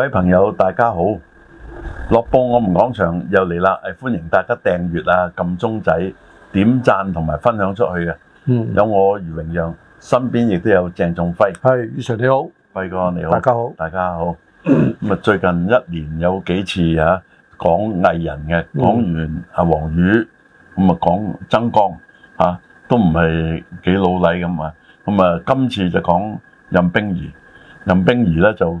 各位朋友，大家好！樂報我們講場又嚟啦，歡迎大家訂閱啊、撳鐘仔、點讚同埋分享出去嘅。嗯，有我余榮讓，身邊亦都有鄭仲輝，係余常你好，輝哥你好，大家好，大家好。咁啊，最近一年有幾次啊，講藝人嘅，講完阿黃宇，咁啊講曾江，吓都唔係幾老禮咁啊。咁啊，今次就講任冰兒，任冰兒咧就。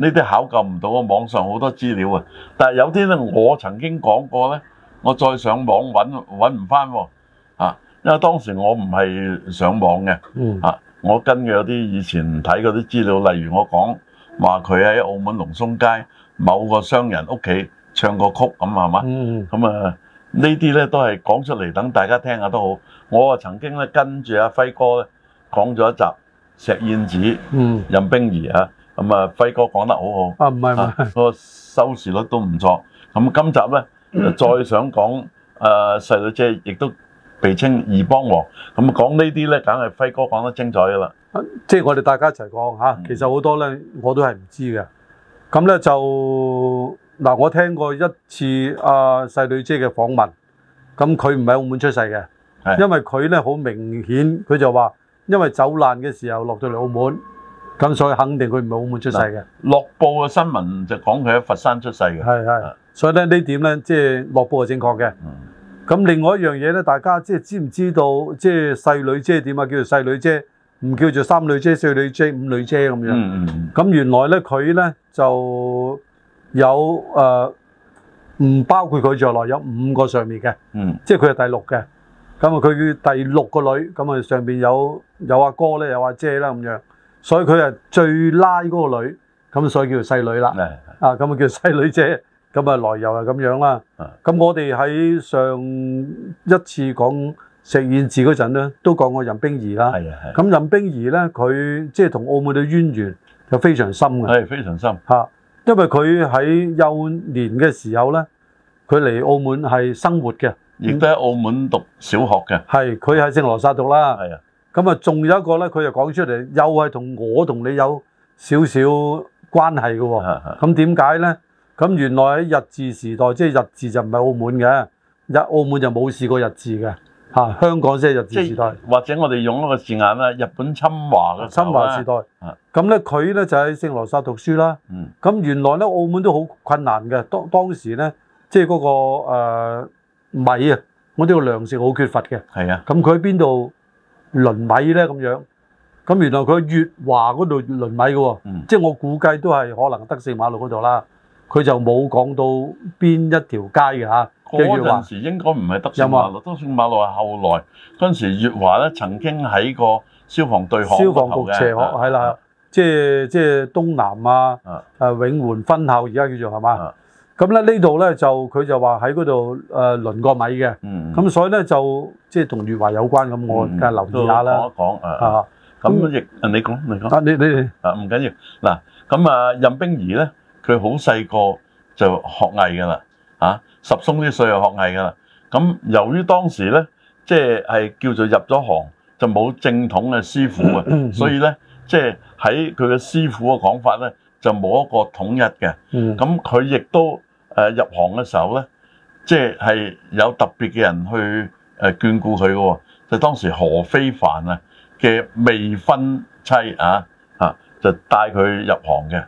呢啲考究唔到啊，網上好多資料啊！但係有啲咧，我曾經講過咧，我再上網揾揾唔翻喎啊！因為當時我唔係上網嘅，啊、嗯，我根據有啲以前睇嗰啲資料，例如我講話佢喺澳門龍松街某個商人屋企唱個曲咁係嘛？咁啊，呢啲咧都係講出嚟等大家聽下都好。我啊曾經咧跟住阿輝哥講咗一集石燕子、嗯、任冰兒啊。咁啊，輝哥講得好好啊，唔係，個收視率都唔錯。咁今集咧， 再想講誒、呃、細女姐，亦都被稱二幫王。咁講呢啲咧，梗係輝哥講得精彩噶啦、啊。即係我哋大家一齊講嚇，其實好多咧，我都係唔知嘅。咁咧就嗱、啊，我聽過一次阿、啊、細女姐嘅訪問。咁佢唔係喺澳門出世嘅，因為佢咧好明顯，佢就話因為走難嘅時候落到嚟澳門。咁所以肯定佢唔係澳門出世嘅。樂報嘅新聞就講佢喺佛山出世嘅。係係，所以咧呢點咧，即係樂報係正確嘅。咁、嗯、另外一樣嘢咧，大家即係知唔知道，即係細女姐點啊？叫做細女姐，唔叫做三女姐、四女姐、五女姐咁樣。咁、嗯嗯、原來咧佢咧就有誒，唔、呃、包括佢在內，有五個上面嘅。嗯。即係佢係第六嘅。咁啊，佢第六個女，咁啊上面有有阿哥咧，有阿姐啦咁樣。所以佢係最拉嗰個女，咁所以叫做細女啦。是是是啊，咁啊叫細女姐，咁啊來由係咁樣啦。咁我哋喺上一次講石燕子嗰陣咧，都講過任冰兒啦。咁任冰兒咧，佢即係同澳門嘅淵源就非常深嘅。係非常深、吓、因為佢喺幼年嘅時候咧，佢嚟澳門係生活嘅，亦都喺澳門讀小學嘅、嗯。係佢喺聖羅莎讀啦。是是。咁啊，仲有一個咧，佢就講出嚟，又係同我同你有少少關係嘅喎。咁點解咧？咁原來喺日治時代，即係日治就唔係澳門嘅，日澳門就冇試過日治嘅吓。香港先係日治時代，或者我哋用一個字眼啦，日本侵華嘅，侵華時代。咁咧，佢咧就喺聖羅沙讀書啦。咁、嗯、原來咧，澳門都好困難嘅。當當時咧，即係嗰個米啊，我呢個糧食好缺乏嘅。係啊，咁佢喺邊度？輪米咧咁樣，咁原來佢越華嗰度輪米嘅喎，嗯、即係我估計都係可能德四馬路嗰度啦。佢就冇講到邊一條街嘅嚇。嗰陣時應該唔係德四馬路，有冇德四馬路係後來，嗰陣時越華咧曾經喺個消防隊巷消防局斜巷係啦，即係即係東南啊、嗯、啊永援分校而家叫做係嘛？咁咧呢度咧就佢就話喺嗰度誒輪過米嘅，咁、嗯嗯、所以咧就。即係同粵華有關咁，我梗係留意下啦。講、嗯、一講、啊嗯，啊，咁亦你講，你講。啊，你你啊，唔緊要。嗱，咁啊，任冰兒咧，佢好細個就學藝噶啦。啊，十鬆啲歲就學藝噶啦。咁由於當時咧，即、就、係、是、叫做入咗行就冇正統嘅師傅啊、嗯嗯，所以咧，即係喺佢嘅師傅嘅講法咧，就冇、是、一個統一嘅。咁佢亦都入行嘅時候咧，即係係有特別嘅人去誒眷顧佢嘅喎，就是、當時何非凡啊嘅未婚妻啊啊，就帶佢入行嘅。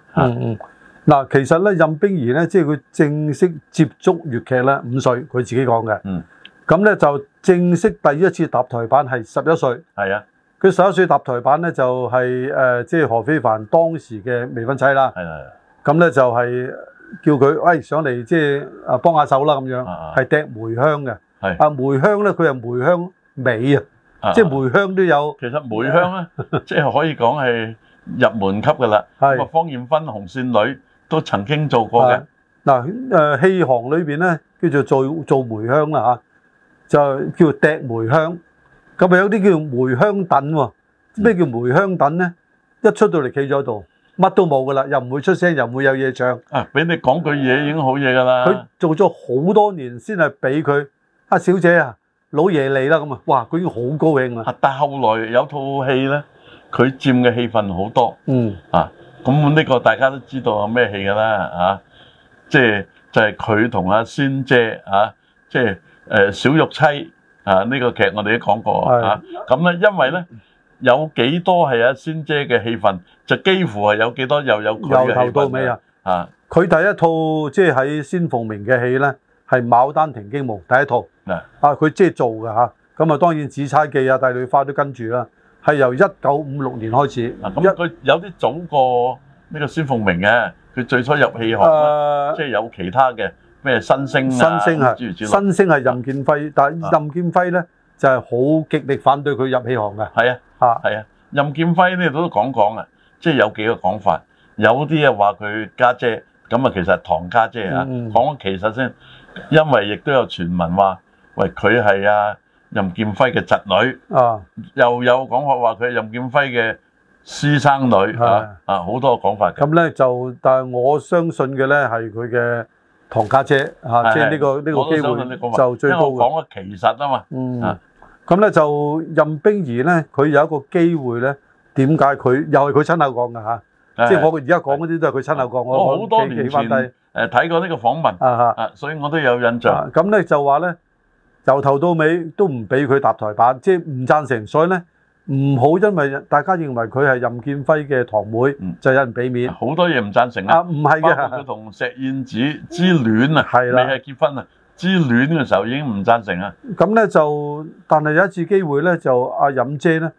嗱、嗯，其實咧，任冰兒咧，即係佢正式接觸粵劇咧，五歲佢自己講嘅。咁、嗯、咧就正式第一次搭台板係十一歲。係啊，佢十一歲搭台板咧就係、是、誒，即、就、係、是、何非凡當時嘅未婚妻啦。係係、啊。咁咧、啊、就係叫佢喂、哎，上嚟即係啊幫下手啦咁樣，係掟、啊、梅香嘅。係阿梅香咧，佢係梅香尾啊，即係梅香都有。其實梅香咧，即係可以講係入門級噶啦。係方艷芬、紅線女都曾經做過嘅。嗱，誒戲行裏邊咧叫做做做梅香啊吓，就叫趯梅香。咁啊有啲叫梅香躉喎。咩叫梅香躉咧？一出到嚟企咗度，乜都冇噶啦，又唔會出聲，又唔會有嘢唱。啊，俾你講句嘢已經好嘢噶啦。佢做咗好多年，先係俾佢。阿小姐啊，老爺嚟啦，咁啊，哇，居然好高興啊！但係後來有套戲咧，佢佔嘅戲份好多。嗯啊，咁呢個大家都知道係咩戲㗎啦？啊，即係就係佢同阿仙姐啊，即係誒小玉妻啊呢個劇，我哋都講過啊。咁咧，因為咧有幾多係阿仙姐嘅戲份，就幾乎係有幾多又有佢嘅戲份。由頭到尾啊！啊，佢第一套即係喺仙鳳鳴嘅戲咧。係牡丹亭驚夢第一套，啊，佢即係做嘅嚇，咁啊當然紫釵記啊、帝女花都跟住啦。係由一九五六年開始，咁、啊、佢、嗯、有啲早過呢、這個孫鳳明嘅、啊，佢最初入戲行、啊，即、啊、係、就是、有其他嘅咩新星啊，新星啊新星係任劍輝，啊、但係任劍輝咧就係、是、好極力反對佢入戲行嘅。係啊，係啊，啊，任劍輝咧都講一講嘅，即、就、係、是、有幾個講法，有啲啊話佢家姐，咁啊其實唐家姐啊，嗯、講，講其實先。因為亦都有傳聞話，喂佢係啊任劍輝嘅侄女，啊又有講法話佢係任劍輝嘅私生女，吓啊好多講法嘅。咁咧就，但係我相信嘅咧係佢嘅堂家姐，吓即係呢個呢個機會就最高嘅。因為我講嘅其實啊嘛，啊咁咧就任冰兒咧，佢有一個機會咧，點解佢又係佢親口講嘅吓？即係我而家講嗰啲都係佢親口講，我好多年前。誒，睇過呢個訪問啊，啊，所以我都有印象。咁、啊、咧就話咧，由頭到尾都唔俾佢搭台板，即係唔贊成。所以咧唔好，因為大家認為佢係任劍輝嘅堂妹、嗯，就有人俾面。好多嘢唔贊成啊。啊，唔係嘅，包括佢同石燕子之戀啊，係啦，未係結婚啊，之戀嘅時候已經唔贊成啊。咁咧就，但係有一次機會咧，就阿任、啊、姐咧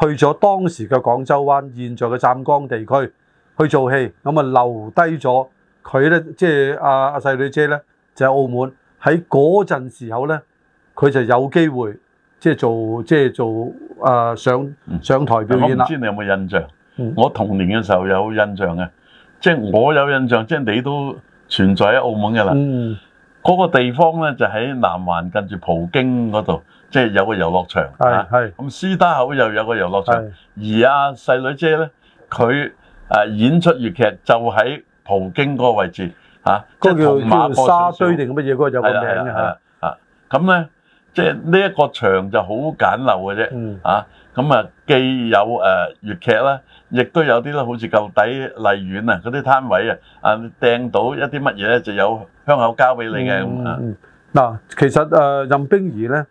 去咗當時嘅廣州灣，現在嘅湛江地區去做戲，咁啊留低咗。佢咧即係阿阿細女姐咧就喺澳門，喺嗰陣時候咧佢就有機會即係做即係做誒上上台表演啦、嗯。唔知你有冇印象、嗯？我童年嘅時候有印象嘅，即係我有印象，即係你都存在喺澳門嘅啦、嗯。嗰、那個地方咧就喺南環近住葡京嗰度，即係有個遊樂場、嗯。咁、嗯啊，司打口又有個遊樂場，而阿、啊、細女姐咧佢、啊、演出粵劇就喺。葡京嗰個位置嚇，即係叫做沙堆定乜嘢嗰個有個名嘅嚇。啊，咁咧即係呢一個場就好簡陋嘅啫。啊，咁啊既有誒粵劇啦，亦都有啲咧好似舊底荔園啊嗰啲攤位啊，啊，掟到一啲乜嘢咧就有香口膠俾你嘅咁啊。嗱，其實誒任冰兒咧，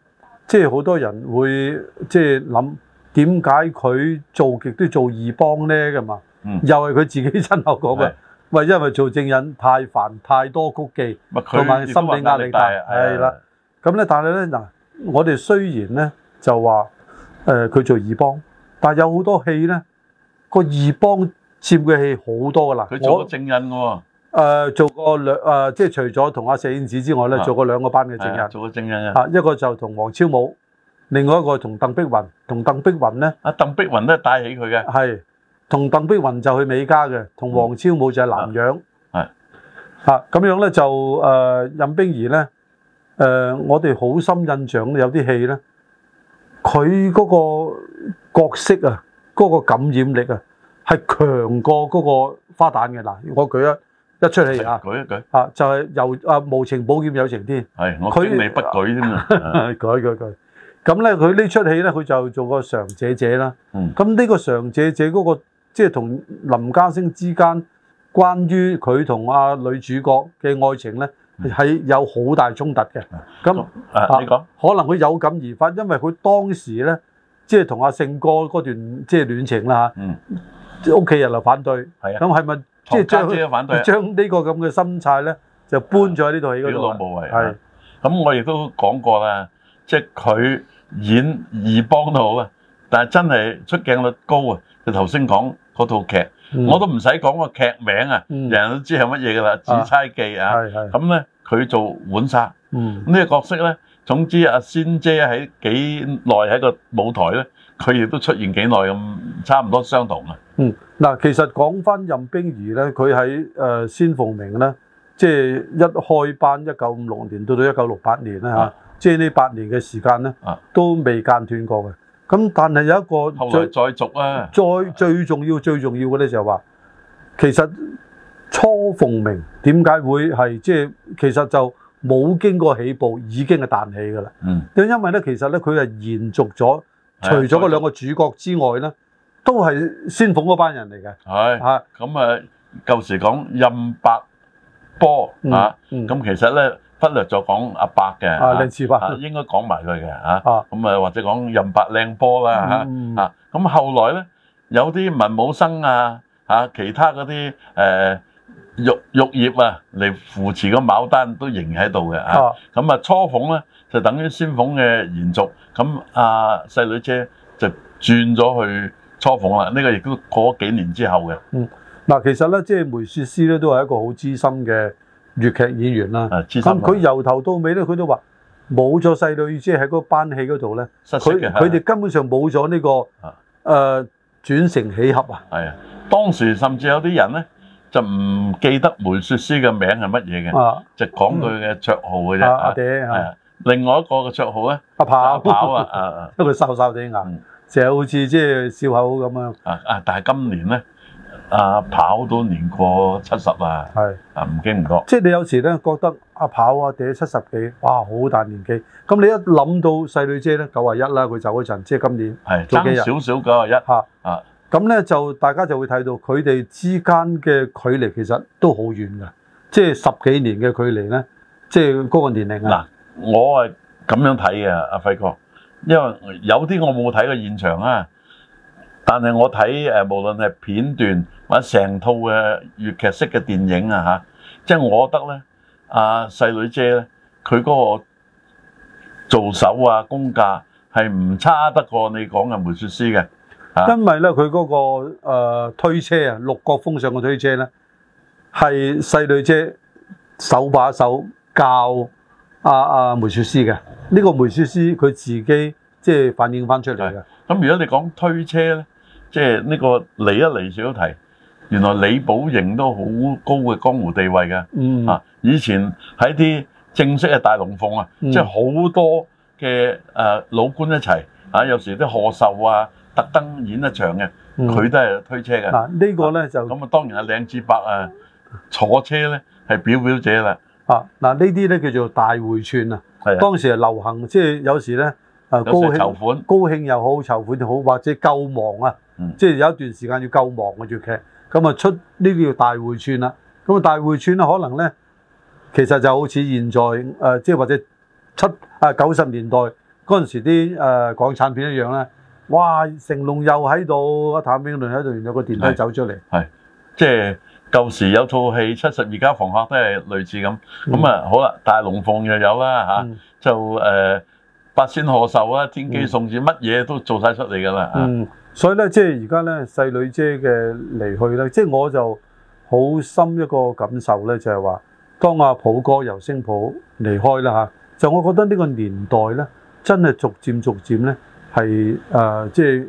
即係好多人會即係諗點解佢做極都做二幫咧㗎嘛？嗯，又係佢自己親口講嘅。喂，因為做證人太煩，太多曲記，同埋心理壓力大，係啦。咁咧，但係咧嗱，我哋雖然咧就話誒佢做二幫，但係有好多戲咧個二幫佔嘅戲好多噶啦。佢做咗證人嘅喎、呃，做過兩誒、呃，即係除咗同阿石燕子之外咧，做過兩個班嘅證人。做過證人啊！一個就同黃超武，另外一個同鄧碧雲。同鄧碧雲咧，阿、啊、鄧碧雲都係帶起佢嘅。係。同鄧碧雲就去美加嘅，同黃超武就係南洋。係、嗯、咁樣咧就誒、呃、任冰兒咧，誒、呃、我哋好深印象有啲戲咧，佢嗰個角色啊，嗰、那個感染力啊，係強過嗰個花旦嘅。嗱，我舉一一出戲啊，舉一舉，舉，舉啊，就係、是、由啊無情保劍有情天，係我驚你不舉添嘛？ 舉一舉，舉，舉，咁咧佢呢出戲咧佢就做常姐姐、嗯、個常姐姐啦。咁呢個常姐姐嗰個。即係同林家星之間關於佢同阿女主角嘅愛情咧，係有好大衝突嘅。咁、嗯、你講可能佢有感而發，因為佢當時咧，即係同阿勝哥嗰段即係戀情啦嗯，屋企人又反對，係啊。咁係咪即係將將呢個咁嘅心態咧，就搬咗喺呢套戲嗰度？表露無遺。係咁、啊、我亦都講過啦，即係佢演二幫都好啊，但係真係出鏡率高啊。你頭先講。嗰套劇，我都唔使講個劇名啊、嗯，人人都知係乜嘢㗎啦，嗯《紫釵記》啊，咁咧佢做浣紗，呢、嗯呢個角色咧，總之阿、啊、仙姐喺幾耐喺個舞台咧，佢亦都出現幾耐咁，差唔多相同啊。嗯，嗱，其實講翻任冰兒咧，佢喺誒仙鳳鳴咧，即、就、係、是、一開班一九五六年到到一九六八年咧嚇，即係呢八年嘅時間咧，都未間斷過嘅。咁但係有一個再再續啊，再最，最重要最重要嘅咧就係話，其實雛鳳鳴點解會係即係其實就冇經過起步已經係彈起噶啦。嗯，因為咧其實咧佢係延續咗、嗯，除咗個兩個主角之外咧，都係仙鳳嗰班人嚟嘅。係啊，咁啊舊時講任伯波啊，咁、嗯嗯、其實咧。忽略咗講阿伯嘅，應該講埋佢嘅嚇。咁啊，或者講任伯靚波啦嚇。咁後來咧，有啲文武生啊，嚇其他嗰啲誒玉玉葉啊，嚟扶持個牡丹都仍喺度嘅嚇。咁啊，初鳳咧就等於先鳳嘅延續。咁阿細女姐就轉咗去初鳳啦。呢個亦都過咗幾年之後嘅。嗯，嗱，其實咧，即係梅雪詩咧，都係一個好資深嘅。粵劇演員啦，咁佢由頭到尾咧，佢都話冇咗細路，即係喺個班戲嗰度咧，佢佢哋根本上冇咗呢個誒、呃、起承轉合啊。係啊，當時甚至有啲人咧就唔記得梅雪詩嘅名係乜嘢嘅，就講佢嘅綽號嘅啫。阿阿頂啊，另外一個嘅綽號咧，阿跑跑啊，因為瘦瘦地硬，就係好似即係笑口咁樣啊啊！但係今年咧。啊！跑都年過七十啊，係啊，唔經唔覺。即係你有時咧覺得啊跑啊，嗲七十幾，哇，好大年紀。咁你一諗到細女姐咧，九十一啦，佢走嗰陣，即係今年係爭少少九十一啊。咁咧就大家就會睇到佢哋之間嘅距離其實都好遠嘅，即係十幾年嘅距離咧，即係嗰個年齡啊。嗱、啊，我係咁樣睇嘅，阿、啊、輝哥，因為有啲我冇睇過現場啊。但係我睇誒，無論係片段或者成套嘅粵劇式嘅電影啊嚇，即係我覺得咧，阿細女姐咧，佢嗰個做手啊功架係唔差得過你講嘅梅雪詩嘅。因為咧，佢嗰個誒推車啊，六國封相嘅推車咧，係細女姐手把手教阿阿梅雪詩嘅。呢個梅雪詩佢自己即係反映翻出嚟嘅。咁如果你講推車咧？即係呢、這個嚟一嚟小提，原來李寶瑩都好高嘅江湖地位㗎。嗯啊，以前喺啲正式嘅大龍鳳啊、嗯，即係好多嘅誒、呃呃、老官一齊嚇、啊，有時啲賀壽啊，特登演一場嘅，佢、嗯、都係推車嘅。嗱呢個咧就咁啊，這個、啊當然係靚次伯啊，坐車咧係表表者啦。啊嗱，呢啲咧叫做大會串啊。係啊，當時係流行，即係有時咧誒高興高興又好，籌款好，或者救亡啊。嗯、即係有一段時間要夠忙嘅粵劇，咁啊出呢個叫大會串啦，咁啊大會串呢，可能咧，其實就好似現在誒、呃，即係或者七啊九十年代嗰陣時啲誒港產片一樣咧，哇！成龍又喺度，阿譚詠麟喺度，有咗個電梯走出嚟，即係舊時有套戲《七十二家房客》都係類似咁，咁、嗯、啊好啦，大龍鳳又有啦、啊、就誒、呃、八仙賀壽啊，天姬送子乜嘢都做晒出嚟噶啦。所以咧，即係而家咧，細女姐嘅離去咧，即係我就好深一個感受咧，就係話，當阿普哥由星普離開啦嚇，就我覺得呢個年代咧，真係逐漸逐漸咧係誒，即係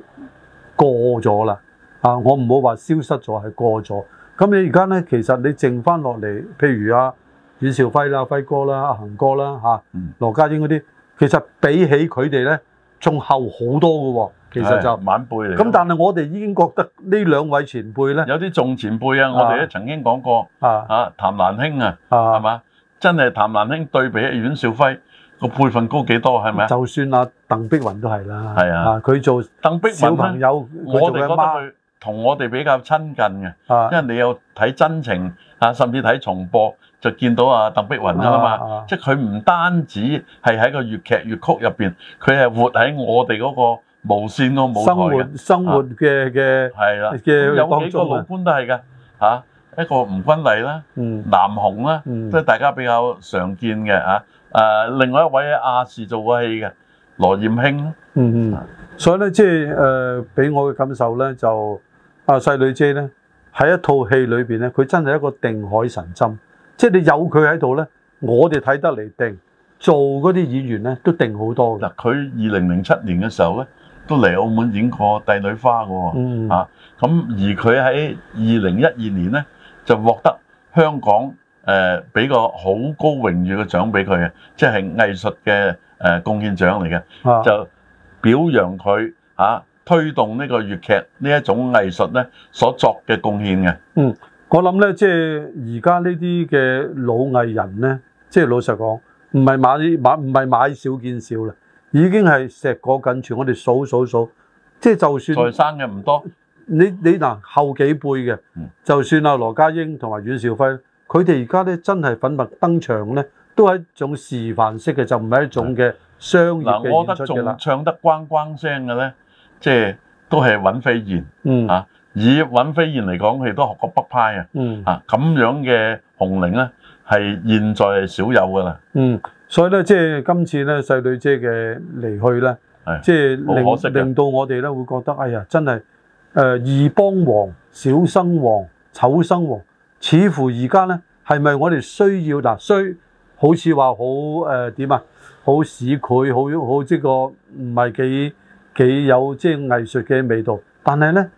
過咗啦啊！我唔好話消失咗，係過咗。咁你而家咧，其實你剩翻落嚟，譬如阿、啊、阮兆輝啦、輝哥啦、阿恒哥啦嚇、啊，羅家英嗰啲，其實比起佢哋咧，仲後好多㗎喎、哦。其實就晚輩嚟，咁但係我哋已經覺得呢兩位前輩咧，有啲仲前輩啊，啊，我哋咧曾經講過啊，啊譚蘭卿啊，係嘛、啊，真係譚蘭卿對比阮兆輝個輩份高幾多，係咪？就算阿鄧碧雲都係啦，係啊，佢、啊、做鄧碧雲朋友，我哋覺得佢同我哋比較親近嘅、啊，因為你有睇真情啊，甚至睇重播就見到阿鄧碧雲啊嘛，即係佢唔單止係喺個粵劇粵曲入邊，佢係活喺我哋嗰、那個。無線個舞台嘅，生活嘅嘅係啦嘅有幾個老倌都係㗎嚇，一個吳君麗啦，南紅啦，即係大家比較常見嘅嚇。誒，另外一位亞視做過戲嘅羅艷卿。嗯嗯，所以咧即係誒，俾我嘅感受咧就，啊細女姐咧喺一套戲裏邊咧，佢真係一個定海神針。即係你有佢喺度咧，我哋睇得嚟定做嗰啲演員咧都定好多嘅。嗱，佢二零零七年嘅時候咧。都嚟澳門演過《帝女花》噶喎，嗯，啊咁而佢喺二零一二年咧就獲得香港誒俾、呃、個好高榮譽嘅獎俾佢嘅，即係藝術嘅誒貢獻獎嚟嘅，就表揚佢啊推動呢個粵劇呢一種藝術咧所作嘅貢獻嘅。嗯，我諗咧，即係而家呢啲嘅老藝人咧，即係老實講，唔係買買唔係買少見少啦。已經係碩果僅存，我哋數數數，即係就算在生嘅唔多，你你嗱後幾輩嘅，就算啊羅家英同埋阮兆輝，佢哋而家咧真係粉墨登場咧，都係一種示範式嘅，就唔係一種嘅商業嘅演出嘅啦。嗱，我覺得仲唱得關關聲嘅咧，即係都係尹飛燕，嗯啊，以尹飛燕嚟講，佢都學過北派啊，嗯啊，咁樣嘅紅伶咧，係現在係少有噶啦，嗯。所以咧，即係今次咧，細女姐嘅離去咧，即係令，令到我哋咧會覺得，哎呀，真係誒二幫王、小生王、丑生王，似乎而家咧係咪我哋需要嗱、呃？好似話好誒點啊？好市儈、好好即個、這個唔係幾幾有即係藝術嘅味道。但係咧，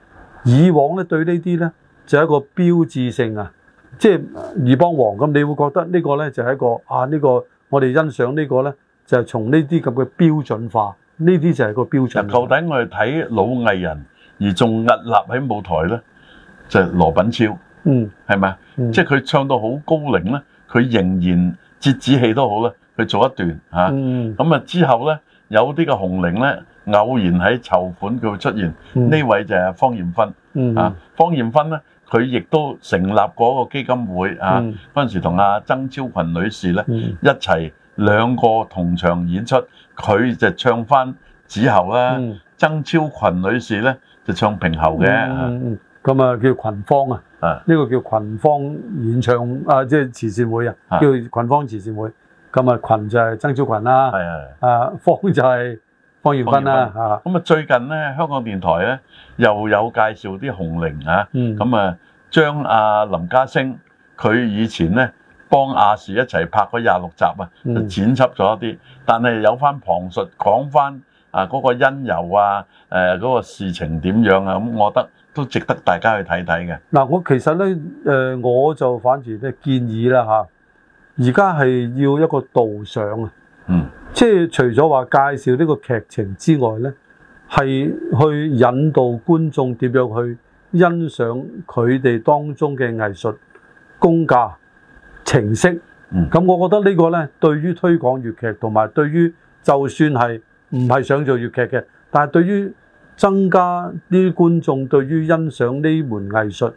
以往咧對呢啲咧就係、是、一個標誌性啊，即、就、係、是、二幫王咁，你會覺得個呢個咧就係、是、一個啊呢、這個。我哋欣賞呢個咧，就係從呢啲咁嘅標準化，呢啲就係個標準。嗱，究竟我哋睇老藝人而仲屹立喺舞台咧，就係、是、羅品超，嗯，係咪、嗯？即係佢唱到好高齡咧，佢仍然折子戲都好啦，佢做一段嚇。咁啊、嗯嗯、之後咧，有啲嘅紅伶咧，偶然喺籌款佢會出現，呢、嗯、位就係方艷芬、嗯，啊，方艷芬咧。佢亦都成立嗰個基金會啊！嗰、嗯、陣時同阿曾超群女士咧一齊兩、嗯、個同場演出，佢就唱翻子喉啦，曾超群女士咧就唱平喉嘅。咁、嗯、啊叫群芳啊，呢、這個叫群芳演唱啊，即係慈善會啊，叫群芳慈善會。咁啊群、群就係曾超群啦，啊芳就係、是。潘耀坤啦嚇，咁啊最近咧香港電台咧又有介紹啲紅伶啊，咁啊將阿林家聲佢以前咧幫亞視一齊拍嗰廿六集啊，剪輯咗一啲，但係有翻旁述講翻啊嗰個因由啊，誒嗰個事情點樣啊，咁我覺得都值得大家去睇睇嘅。嗱，我其實咧誒，我就反而咧建議啦嚇，而家係要一個導賞啊。即係除咗話介紹呢個劇情之外呢，係去引導觀眾點樣去欣賞佢哋當中嘅藝術功架程式。咁、嗯、我覺得呢個呢，對於推廣粵劇同埋對於就算係唔係想做粵劇嘅，但係對於增加啲觀眾對於欣賞呢門藝術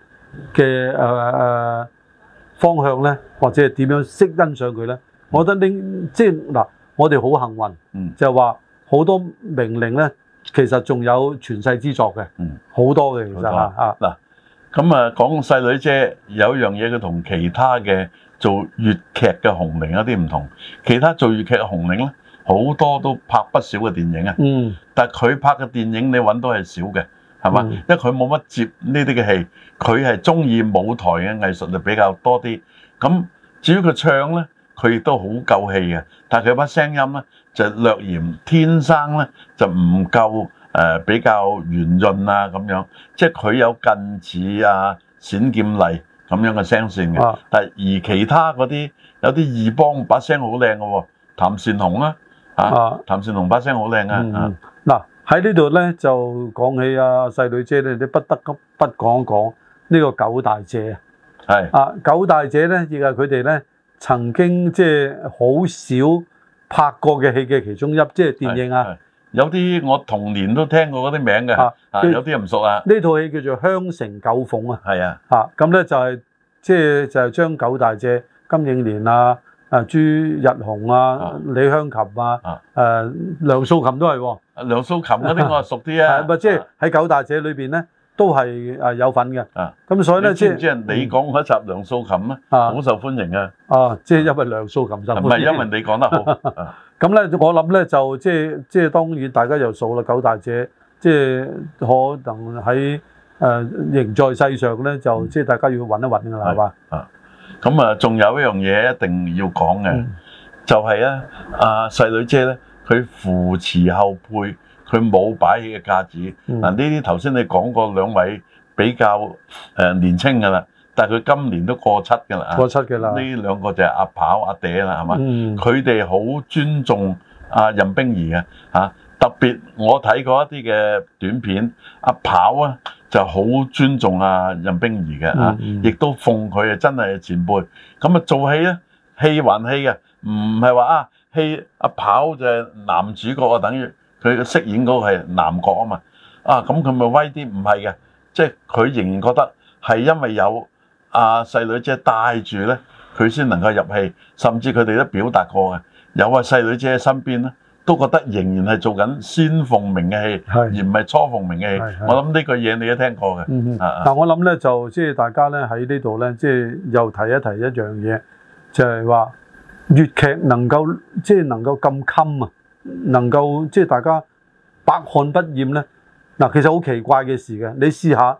嘅誒方向呢，或者係點樣識欣賞佢呢？我覺得呢即係嗱。我哋好幸運，就係話好多名伶咧，其實仲有傳世之作嘅，好多嘅其實嚇。嗱、嗯，咁、嗯、啊、嗯嗯嗯，講個細女姐有一樣嘢，佢同其他嘅做粵劇嘅紅伶一啲唔同。其他做粵劇紅伶咧，好多都拍不少嘅電影啊。但係佢拍嘅電影，電影你揾到係少嘅，係嘛、嗯？因為佢冇乜接呢啲嘅戲，佢係中意舞台嘅藝術就比較多啲。咁至於佢唱咧？佢亦都好夠氣嘅，但係佢把聲音咧就略嫌天生咧就唔夠誒、呃、比較圓潤啊咁樣，即係佢有近似啊冼劍麗咁樣嘅聲線嘅、啊。但而其他嗰啲有啲二幫把聲好靚嘅喎，譚善紅啦啊、啊、啊，譚善紅把聲好靚啊。嗱、嗯、喺、啊、呢度咧就講起啊細女姐咧，你不得不不講講講呢個九大姐啊。係啊，九大姐咧亦係佢哋咧。曾經即係好少拍過嘅戲嘅其中一即係電影啊，有啲我童年都聽過嗰啲名嘅，有啲唔熟啊。呢套戲叫做《香城九鳳》啊,啊，啊、就係，咁咧就係即係就係、係、張、就係就係、九大姐、金映蓮啊,啊、啊朱日紅啊、李香琴啊,啊,啊、梁素琴都係喎、啊。梁素琴嗰啲我係熟啲啊，係咪，即係喺九大姐裏面咧。都係啊有份嘅啊，咁所以咧即係你知、就是、你講嗰一集梁素琴好、嗯啊、受歡迎嘅。啊，即、啊、係、就是、因為梁素琴受歡迎，唔係因為你講得好。咁 咧、嗯，我諗咧就即係即係，當然大家有數啦。九大姐即係、就是、可能喺誒仍在世上咧，就即、是、係大家要揾一揾噶啦，係、嗯、嘛。啊，咁啊，仲有一樣嘢一定要講嘅、嗯，就係、是、咧，啊細女姐咧，佢扶持後輩。佢冇擺起嘅架子，嗱呢啲頭先你講過兩位比較誒年青㗎啦，但佢今年都過七㗎啦，過七㗎啦，呢兩個就係阿跑阿嗲啦，係嘛？佢哋好尊重阿任冰兒嘅，特別我睇過一啲嘅短片，阿跑啊就好尊重阿任冰兒嘅，亦、嗯、都、嗯、奉佢係真係前輩，咁啊做戲咧戲還戲嘅，唔係話啊戲阿跑就係男主角啊，等於。佢飾演嗰個係男角啊嘛，啊咁佢咪威啲？唔係嘅，即係佢仍然覺得係因為有阿細女姐帶住咧，佢先能夠入戲，甚至佢哋都表達過嘅。有阿細女姐喺身邊咧，都覺得仍然係做緊仙鳳鳴嘅戲，而唔係雛鳳鳴嘅戲。我諗呢句嘢你都聽過嘅。但係我諗咧，就即係大家咧喺呢度咧，即係又提一提一樣嘢，就係話粵劇能夠即係能夠咁襟啊！能夠即係大家百看不厭咧，嗱，其實好奇怪嘅事嘅。你試下，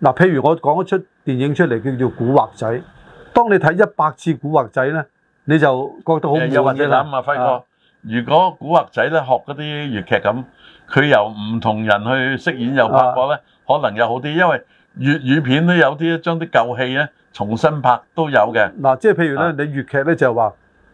嗱，譬如我講一出電影出嚟，叫做《古惑仔》。當你睇一百次《古惑仔》咧，你就覺得好悶啦。又或者諗啊，輝、啊、哥，如果《古惑仔》呢咧學嗰啲粵劇咁，佢由唔同人去飾演又拍過咧，可能又好啲，因為粵語片都有啲將啲舊戲咧重新拍都有嘅。嗱、啊，即係譬如咧、啊，你粵劇咧就話。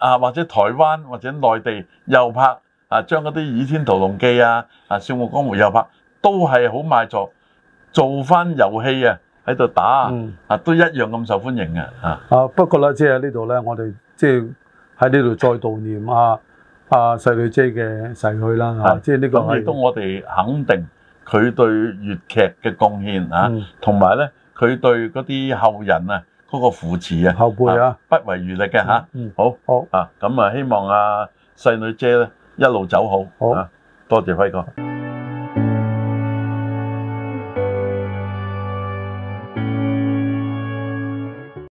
啊，或者台灣或者內地又拍啊，將嗰啲《倚天屠龍記》啊啊，啊《笑傲江湖》又拍，都係好賣座，做翻遊戲啊喺度打啊、嗯、啊，都一樣咁受歡迎嘅啊。啊，不過咧，即係呢度咧，我哋即係喺呢度再悼念啊阿細女姐嘅逝去啦嚇。即係呢個亦都我哋肯定佢對粵劇嘅貢獻啊同埋咧佢對嗰啲後人啊。嗰個扶持啊，後輩啊，不遺餘力嘅嚇、嗯，嗯，好，好啊，咁啊，希望啊，細女姐呢一路走好，好、啊、多謝輝哥。